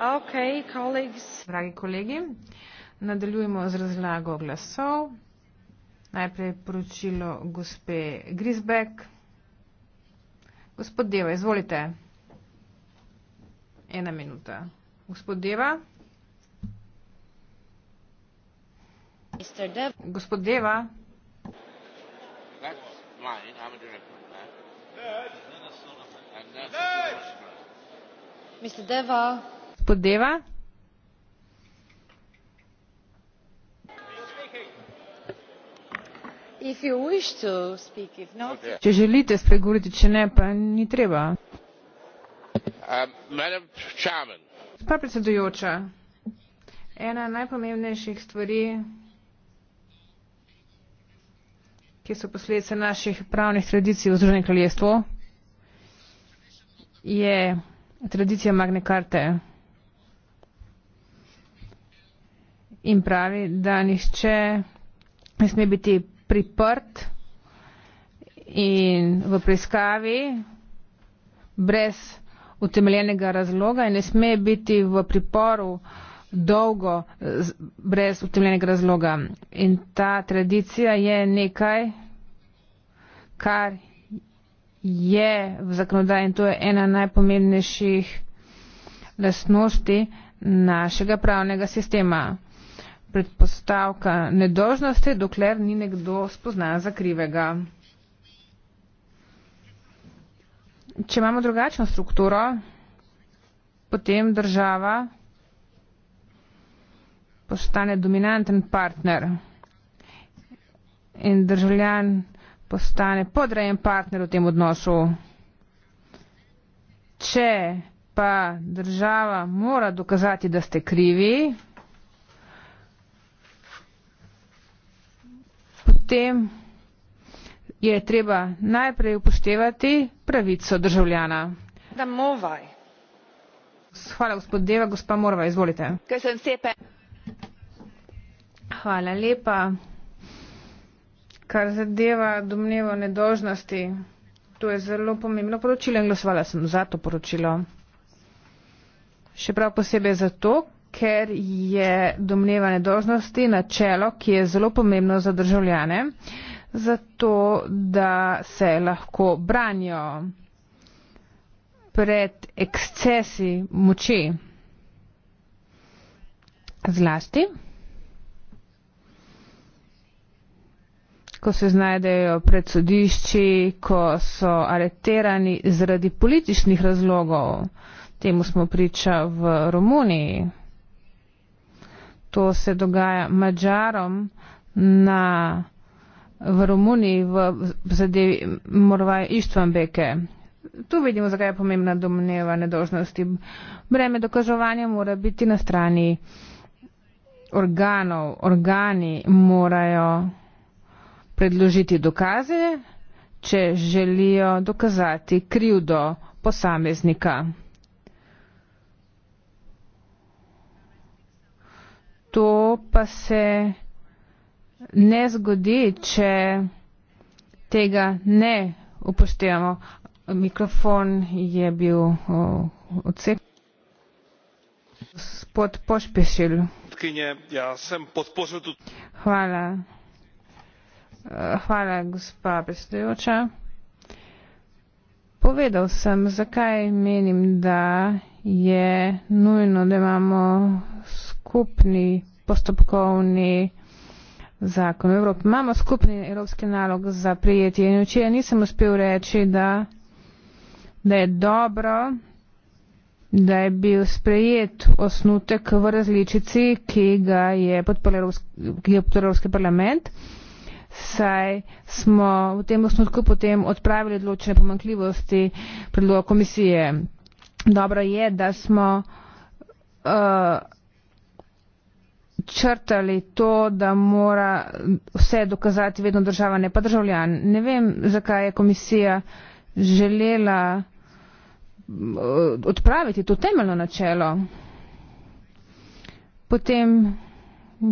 Okay, colleagues. Dragi kolegi, nadaljujemo z razlago glasov. Najprej poročilo gospe Grisbeck. Gospod Deva, izvolite. Ena minuta. Gospod Deva. Gospod Deva. Mr. Deva gospod Deva. Speak, not... Če želite spregovoriti, če ne, pa ni treba. Uh, Gospa uh, predsedujoča, ena najpomembnejših stvari, ki so posledice naših pravnih tradicij v Združenem kraljestvu, je tradicija Magne Karte. in pravi, da nišče ne sme biti priprt in v preiskavi brez utemeljenega razloga in ne sme biti v priporu dolgo brez utemeljenega razloga. In ta tradicija je nekaj, kar je v zakonodaji in to je ena najpomembnejših lasnosti našega pravnega sistema predpostavka nedožnosti, dokler ni nekdo spoznan za krivega. Če imamo drugačno strukturo, potem država postane dominanten partner in državljan postane podrejen partner v tem odnosu. Če pa država mora dokazati, da ste krivi, sistem, je treba najprej upoštevati pravico državljana. Hvala, gospod Deva. Gospa Morva, izvolite. Hvala lepa. Kar zadeva domnevo nedožnosti, to je zelo pomembno poročilo in glasovala sem za to poročilo. Še prav posebej zato, ker je domneva nedožnosti načelo, ki je zelo pomembno za državljane, zato da se lahko branijo pred ekscesi moči. Zlasti, ko se znajdejo pred sodišči, ko so areterani zaradi političnih razlogov, temu smo priča v Romuniji to se dogaja mačarom na v Romuniji v zadevi Morvaj Ištvanbeke. Tu vidimo, zakaj je pomembna domneva nedožnosti. Breme dokazovanja mora biti na strani organov. Organi morajo predložiti dokaze, če želijo dokazati krivdo posameznika. To pa se ne zgodi, če tega ne upoštevamo. Mikrofon je bil odsek. Spod pošpešil. Ja sem podpozil tudi. Hvala. Hvala, gospa predsedujoča. Povedal sem, zakaj menim, da je nujno, da imamo skupni postopkovni zakon v Evropi. Imamo skupni evropski nalog za prijetje in včeraj nisem uspel reči, da, da je dobro, da je bil sprejet osnutek v različici, ki ga je podporil Evropski parlament. Saj smo v tem osnutku potem odpravili odločene pomankljivosti predloga komisije. Dobro je, da smo uh, črtali to, da mora vse dokazati vedno država, ne pa državljan. Ne vem, zakaj je komisija želela eh, odpraviti to temeljno načelo. Potem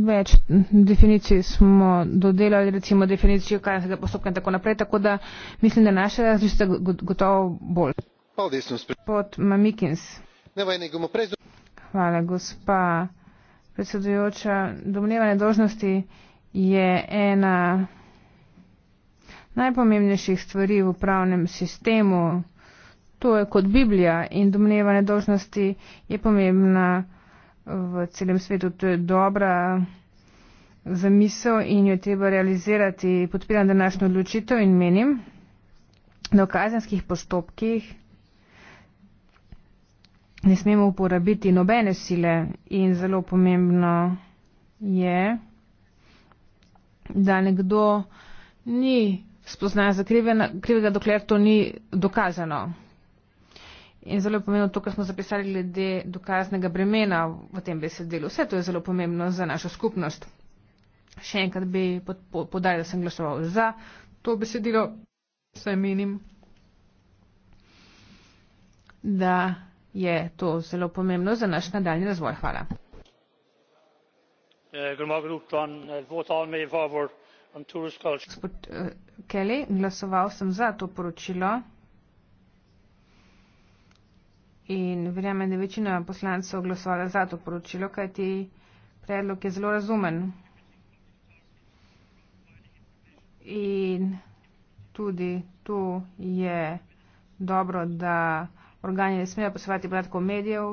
več definicij smo dodelali, recimo definicijo kazenskega postopka in tako naprej, tako da mislim, da naše različice gotovo bolj. Hvala, gospod Mamikins. Hvala, gospa predsedujoča, domnevanje dožnosti je ena najpomembnejših stvari v pravnem sistemu. To je kot Biblija in domnevanje dožnosti je pomembna v celem svetu. To je dobra zamisel in jo treba realizirati. Podpiram današnjo odločitev in menim, da v kazenskih postopkih ne smemo uporabiti nobene sile in zelo pomembno je, da nekdo ni spoznan za krivega, dokler to ni dokazano. In zelo je pomembno to, kar smo zapisali glede dokaznega bremena v tem besedilu. Vse to je zelo pomembno za našo skupnost. Še enkrat bi podaril, da sem glasoval za to besedilo, saj menim, da je to zelo pomembno za naš nadaljnji razvoj. hvala. gospod eh, kelly glasoval sem za to poročilo in verjamem da je večina poslancev glasovala za to poročilo kajti predlog je zelo razumen in tudi tu je dobro da Organi ne smejo posvati podatkov medijev,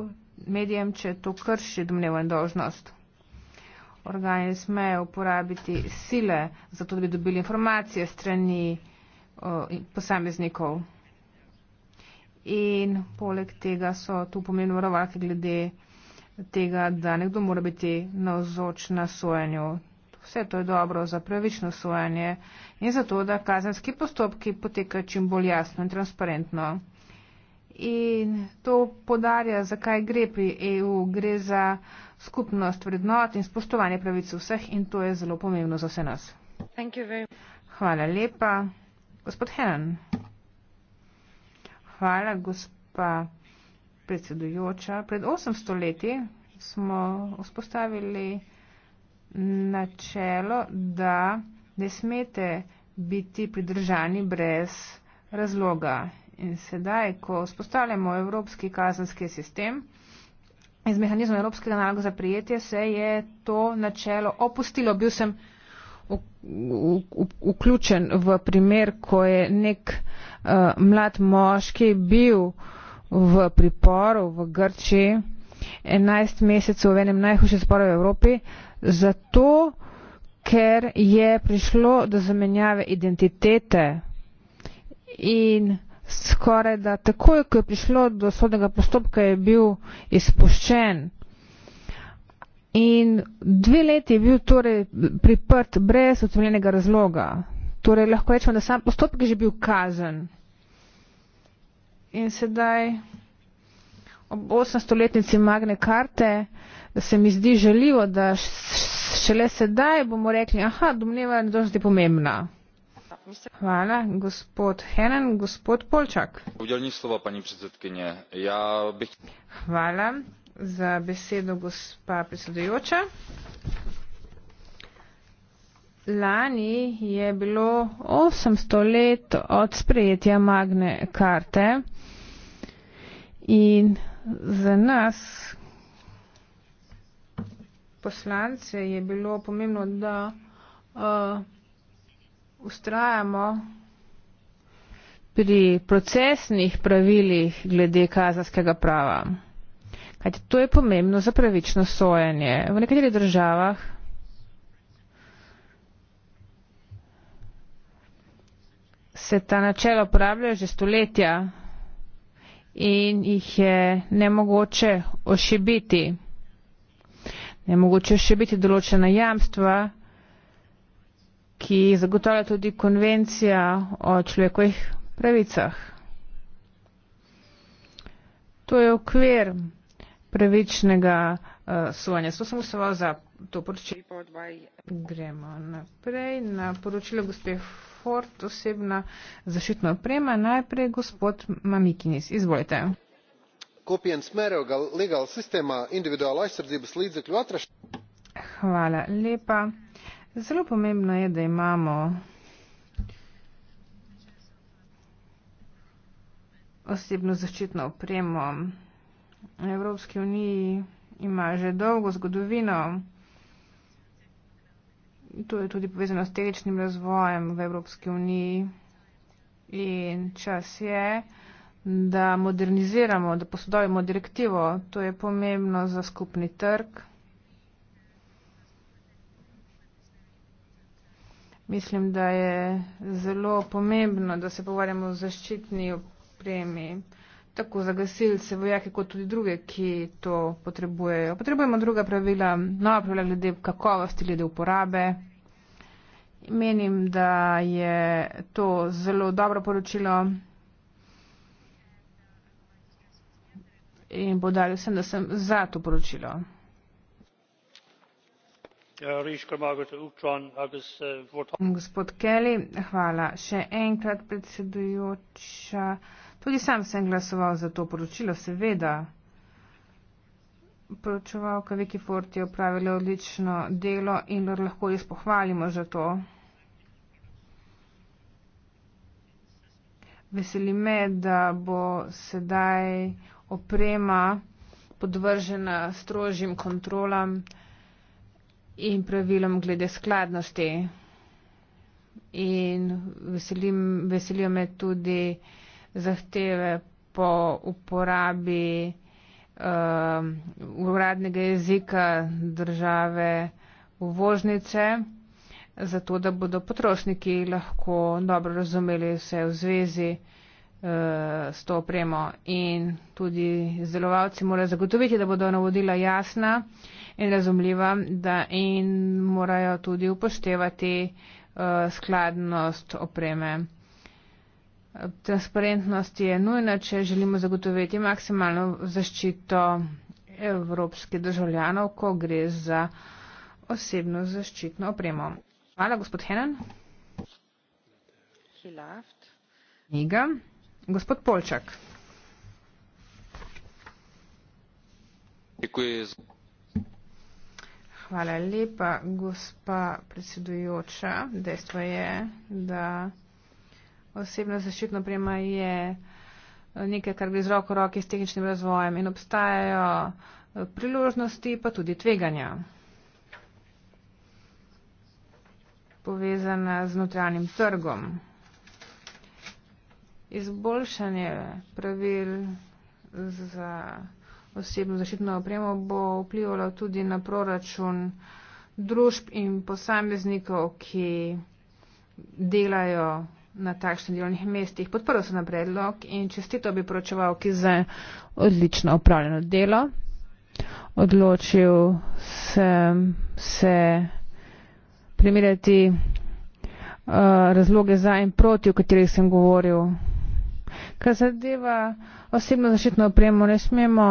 medijem, če to krši domnevno dožnost. Organi ne smejo uporabiti sile, zato da bi dobili informacije strani o, posameznikov. In poleg tega so tu pomembne varovalke glede tega, da nekdo mora biti navzoč na sojenju. Vse to je dobro za pravično sojenje in zato, da kazenski postopki potekajo čim bolj jasno in transparentno in to podarja, zakaj gre pri EU. Gre za skupnost vrednot in spoštovanje pravic vseh in to je zelo pomembno za vse nas. Hvala lepa. Gospod Henan. Hvala, gospa predsedujoča. Pred 800 leti smo vzpostavili načelo, da ne smete biti pridržani brez razloga. In sedaj, ko spostavljamo evropski kazanski sistem iz mehanizma evropskega naloga za prijetje, se je to načelo opustilo. Bil sem vključen v primer, ko je nek uh, mlad moški bil v priporu v Grčiji 11 mesecev v enem najhujših sporov v Evropi, zato ker je prišlo do zamenjave identitete in skoraj da takoj, ko je prišlo do sodnega postopka, je bil izpuščen. In dve leti je bil torej priprt brez utemeljenega razloga. Torej lahko rečemo, da sam postopek je že bil kazen. In sedaj ob 800-letnici magne karte se mi zdi žaljivo, da šele sedaj bomo rekli, aha, domneva je nedožnosti pomembna. Hvala, gospod Henen. Gospod Polčak. Udelni slova, pani predsedkinje. Ja bih... Hvala za besedo, gospa predsedujoča. Lani je bilo 800 let od sprejetja magne karte in za nas poslance je bilo pomembno, da uh, ustrajamo pri procesnih pravilih glede kazanskega prava. Kajte, to je pomembno za pravično sojanje. V nekaterih državah se ta načela uporabljajo že stoletja in jih je nemogoče ošibiti. Nemogoče ošibiti določena jamstva, ki jih zagotavlja tudi konvencija o človekovih pravicah. To je okvir pravičnega uh, eh, sovanja. To sem ustavil za to poročilo. Gremo naprej na poročilo gospe Ford, osebna zaščitna oprema. Najprej gospod Mamikinis, izvolite. Kopijen smerov legal sistema individual aizsardzības līdzekļu atrašanā. Hvala lepa. Zelo pomembno je, da imamo osebno zaščitno opremo. Evropski uniji ima že dolgo zgodovino. To je tudi povezano s tehničnim razvojem v Evropski uniji. In čas je, da moderniziramo, da posodobimo direktivo. To je pomembno za skupni trg. Mislim, da je zelo pomembno, da se pogovarjamo o zaščitni opremi, tako za gasilce, vojake, kot tudi druge, ki to potrebujejo. Potrebujemo druga pravila, nova pravila glede kakovosti, glede uporabe. Menim, da je to zelo dobro poročilo in podaril sem, da sem za to poročilo. Ja, eh, Gospod Kelly, hvala še enkrat, predsedujoča. Tudi sam sem glasoval za to poročilo, seveda. Poročevalka Viki Fort je opravila odlično delo in lahko jih pohvalimo za to. Veseli me, da bo sedaj oprema podvržena strožjim kontrolam in pravilom glede skladnosti. In veselim, veselijo me tudi zahteve po uporabi uh, uradnega jezika države uvožnice, zato da bodo potrošniki lahko dobro razumeli vse v zvezi uh, s to opremo in tudi izdelovalci morajo zagotoviti, da bodo navodila jasna, uh, in razumljiva da in morajo tudi upoštevati uh, skladnost opreme. Transparentnost je nujna, če želimo zagotoviti maksimalno zaščito evropskih državljanov, ko gre za osebno zaščitno opremo. Hvala, gospod Henan. Njega. Gospod Polčak. Děkuji. Hvala lepa, gospa predsedujoča. Dejstvo je, da osebna zaščitna oprema je nekaj, kar gre z roko roki s tehničnim razvojem in obstajajo priložnosti, pa tudi tveganja. povezana z notranjim trgom. Izboljšanje pravil za osebno zaščitno opremo, bo vplivalo tudi na proračun družb in posameznikov, ki delajo na takšnih delovnih mestih. Podprl sem na predlog in čestito bi poročeval, ki za odlično upravljeno delo. Odločil sem se primerjati uh, razloge za in proti, o katerih sem govoril. Kar zadeva osebno zaščitno opremo, ne smemo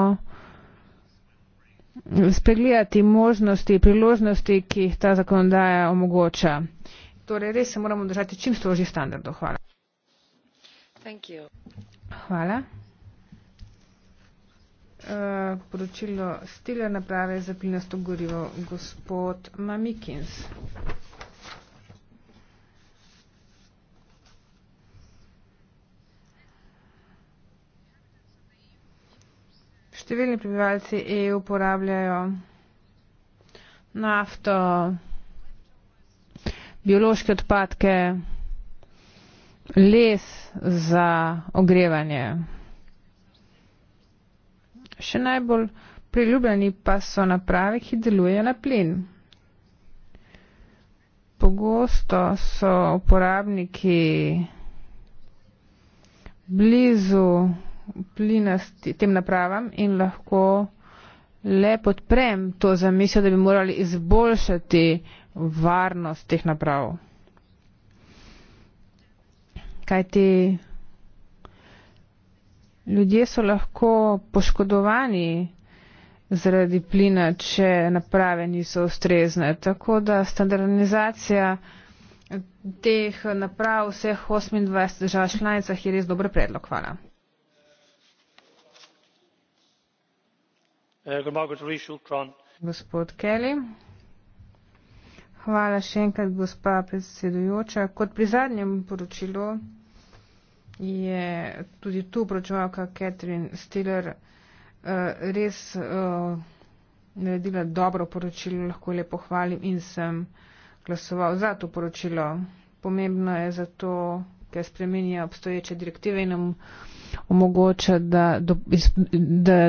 spregledati možnosti, priložnosti, ki jih ta zakonodaja omogoča. Torej, res se moramo držati čim strožji standardov. Hvala. Thank you. Hvala. Uh, poročilo stila naprave za plinasto gorivo, gospod Mamikins. Številni prebivalci EU uporabljajo nafto, biološke odpadke, les za ogrevanje. Še najbolj priljubljeni pa so naprave, ki delujejo na plin. Pogosto so uporabniki blizu plina s tem napravam in lahko le podprem to zamisel, da bi morali izboljšati varnost teh naprav. Kaj ti ljudje so lahko poškodovani zaradi plina, če naprave niso ustrezne. Tako da standardizacija teh naprav vseh 28 držav članicah je res dober predlog. Hvala. Uh, Gospod Kelly. Hvala še enkrat, gospa predsedujoča. Kot pri zadnjem poročilu je tudi tu poročevalka Catherine Stiller uh, res uh, naredila dobro poročilo, lahko le pohvalim in sem glasoval za to poročilo. Pomembno je zato, ker spremenja obstoječe direktive in nam omogoča, da, do, iz, da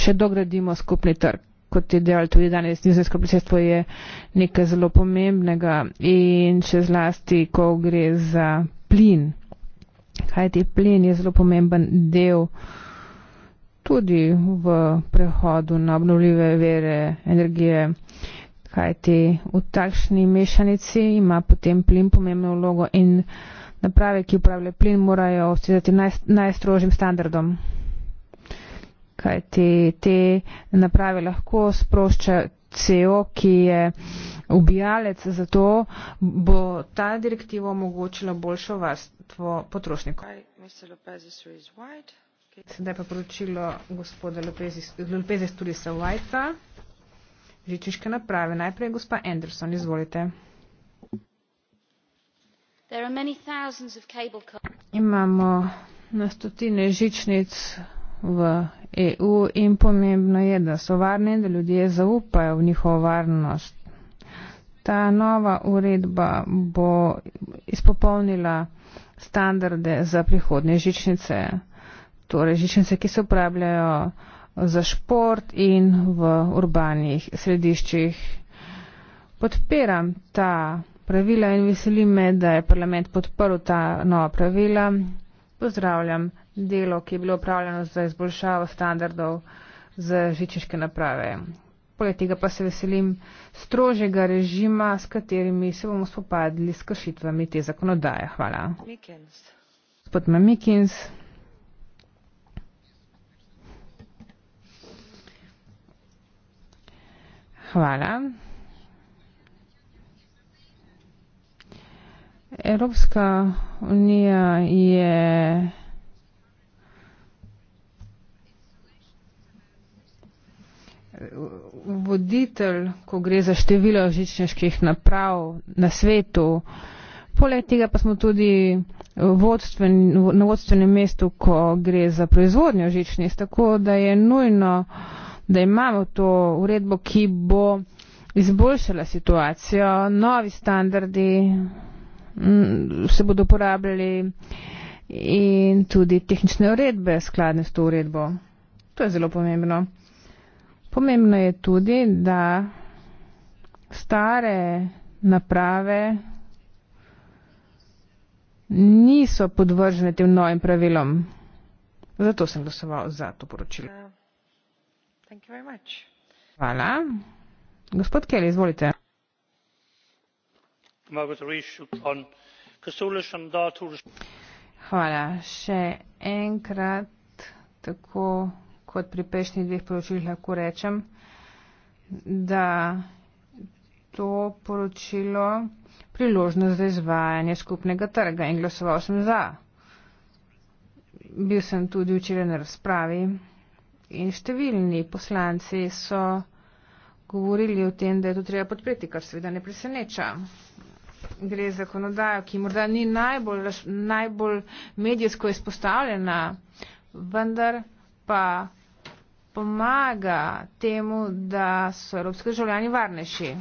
še dogradimo skupni trg, kot je dejal tudi danes. Nizozemsko predsedstvo je nekaj zelo pomembnega in še zlasti, ko gre za plin. Kaj ti plin je zelo pomemben del tudi v prehodu na obnovljive vere energije. Kaj ti v takšni mešanici ima potem plin pomembno vlogo in naprave, ki upravljajo plin, morajo ustrezati naj, najstrožjim standardom. Kaj te, te naprave lahko sproščajo CO, ki je ubijalec, zato bo ta direktiva omogočila boljšo varstvo potrošnikov. Sedaj pa poročilo gospoda Lopezes Turisa Vajta, žičiške naprave. Najprej gospa Anderson, izvolite. Okay imamo na stotine žičnic v EU in pomembno je, da so varne in da ljudje zaupajo v njihovo varnost. Ta nova uredba bo izpopolnila standarde za prihodne žičnice, torej žičnice, ki se uporabljajo za šport in v urbanih središčih. Podpiram ta uredbo pravila in veseli me, da je parlament podprl ta nova pravila. Pozdravljam delo, ki je bilo upravljeno za izboljšavo standardov za žičiške naprave. Poleg tega pa se veselim strožjega režima, s katerimi se bomo spopadli s kršitvami te zakonodaje. Hvala. Gospod Mamikins. Hvala. Evropska unija je voditelj, ko gre za število žičniških naprav na svetu. Poleg tega pa smo tudi vodstven, na vodstvenem mestu, ko gre za proizvodnjo žičnic. Tako da je nujno, da imamo to uredbo, ki bo izboljšala situacijo, novi standardi se bodo uporabljali in tudi tehnične uredbe skladne s to uredbo. To je zelo pomembno. Pomembno je tudi, da stare naprave niso podvržene tem novim pravilom. Zato sem glasoval za to poročilo. Uh, Hvala. Gospod Kelly, izvolite. Hvala še enkrat, tako kot pri prejšnjih dveh poročilih lahko rečem, da to poročilo priložnost za izvajanje skupnega trga in glasoval sem za. Bil sem tudi včeraj na razpravi in številni poslanci so govorili o tem, da je to treba podpreti, kar seveda ne preseneča gre zakonodajo, ki morda ni najbolj, najbolj medijsko izpostavljena, vendar pa pomaga temu, da so evropski državljani varnejši.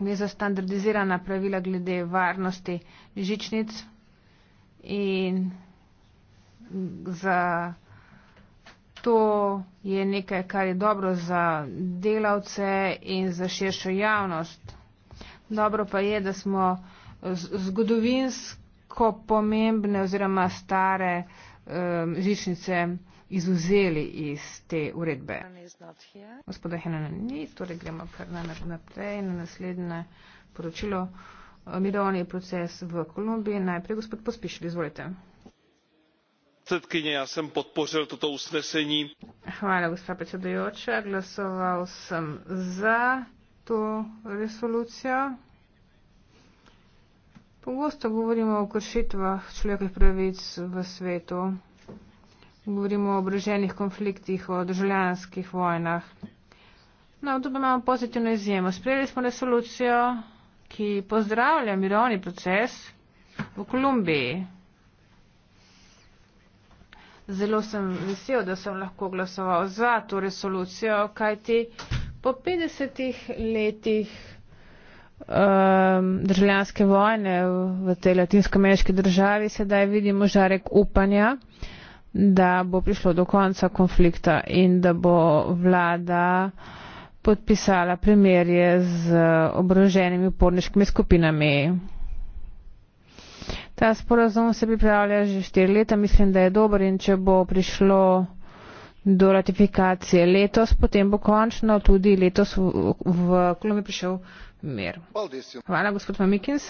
Gre za standardizirana pravila glede varnosti žičnic in za to je nekaj, kar je dobro za delavce in za širšo javnost. Dobro pa je, da smo eh, zgodovinsko pomembne oziroma stare um, žičnice izuzeli iz te uredbe. Gospoda Henana ni, torej gremo kar naprej na naslednje poročilo. Eh, mirovni proces v Kolumbiji. Najprej gospod Pospišili, izvolite. Predsedkinje, jaz sem podpořil toto usnesenje. Hvala, gospod predsedujoča. Glasoval sem za to resolucijo. Pogosto govorimo o kršitvah človekovih pravic v svetu. Govorimo o obraženih konfliktih, o državljanskih vojnah. No, tudi imamo pozitivno izjemo. Sprejeli smo resolucijo, ki pozdravlja mirovni proces v Kolumbiji. Zelo sem vesel, da sem lahko glasoval za to resolucijo, kajti po 50 letih um, državljanske vojne v tej latinsko-ameriški državi sedaj vidimo žarek upanja, da bo prišlo do konca konflikta in da bo vlada podpisala primerje z obroženimi uporniškimi skupinami. Ta sporazum se pripravlja že štiri leta, mislim, da je dober in če bo prišlo do ratifikacije letos, potem bo končno tudi letos v, v, v Kolumbi prišel mir. Hvala, gospod Mamikins.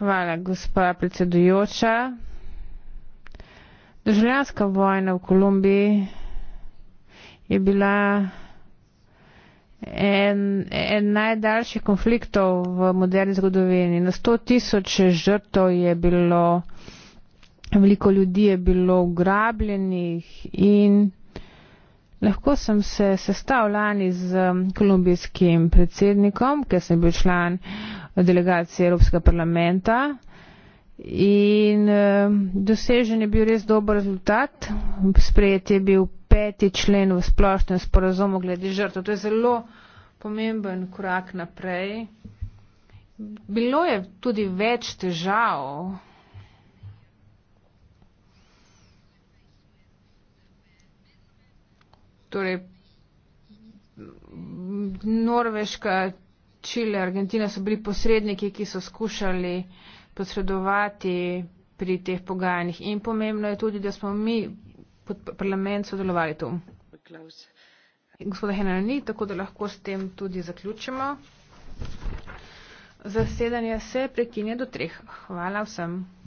Hvala, gospa predsedujoča. Državljanska vojna v Kolumbiji je bila en, en najdaljših konfliktov v moderni zgodovini. Na sto tisoč žrtov je bilo veliko ljudi je bilo ugrabljenih in lahko sem se sestal lani z um, kolumbijskim predsednikom, ker sem bil član delegacije Evropskega parlamenta in um, dosežen je bil res dober rezultat. Sprejet je bil peti člen v splošnem sporazumu glede žrtev. To je zelo pomemben korak naprej. Bilo je tudi več težav. torej Norveška, Čile, Argentina so bili posredniki, ki so skušali posredovati pri teh pogajanjih. In pomembno je tudi, da smo mi pod parlament sodelovali tu. Gospoda Henana ni, tako da lahko s tem tudi zaključimo. Zasedanje se prekinje do treh. Hvala vsem.